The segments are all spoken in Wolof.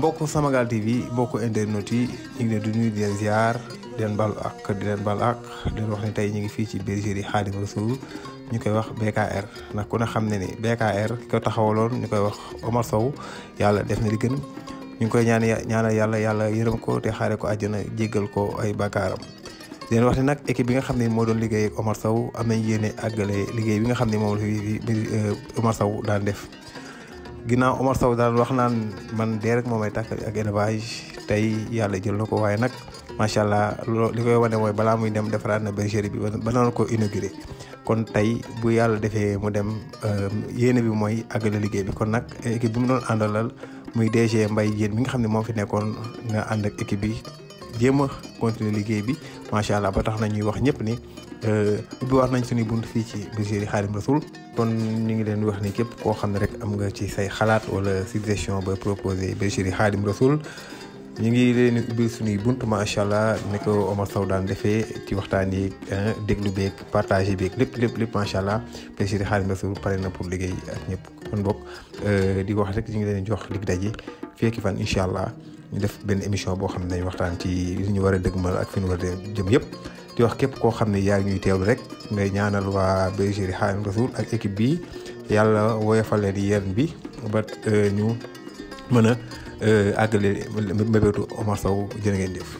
mbokk Samagal bi bokk internet yi ñu ngi leen di nuyu di leen ziar di ak di bal ak di leen wax ne tey ñu ngi fii ci bergerie Khadimou Rassoul ñu koy wax BKR ndax ku ne xam ne ni BKR ki ko taxawaloon ñu koy wax Omar saw yàlla def na li gën ñu ngi koy ñaan ñaanal yàlla yàlla yërëm ko te xaare ko àjjana jéggal ko ay bakkaaram di wax ne nag équipe bi nga xam ne moo doon liggéey ak Omar Sow am nañ yéene àggale liggéey bi nga xam ne moom la fi euh, Omar saw daan def ginnaaw Omar Sow daan wax naan man dee rek moo may tàkk ak élevage tey yàlla jël na ko waaye nag macha allah loo li koy wane mooy balaa muy dem defaraat na bergerie bi ba noonu ko inauguré kon tey bu yàlla defee mu dem euh, yéene bi mooy àggale liggéey bi kon nag équipe mu doon àndalal muy DG mbay Diène mi nga xam ne moo fi nekkoon nga ànd ak équipe bi. jéem a continuer liggéey bi macha allah ba tax na ñuy wax ñëpp ni euh, ubbi wax nañ suñu bunt fii ci bergerie Khadim Rassoul kon ñu ngi leen wax ni képp koo xam ne rek am nga ci say xalaat wala suggestion ba proposé bergerie Khadim Rassoul ñu ngi leen di ubbil bunt macha allah ni ko Omar Sow daan defee ci waxtaan yi deglu beeg partagé beeg lépp lépp lépp macha allah plaisir xaalis Mbassou pare na pour liggéey ñëpp kon bokk euh, di wax rek ñu ngi leen jox dig daje fekki fan incha allah ñu def benn émission boo xam ne dañu waxtaan ci li ñu war a dëgmal ak fi ñu war a jëm yëpp. di wax képp koo xam ne yaa ngi ñuy teewlu rek ngay ñaanal waa Bergerie Khadim Rassoul ak équipe bi yàlla woyofal leen yéen bi ba euh, ñu. mën a euh, àggale mbébétu Omar wu jërë ngeen jëf.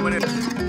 open it.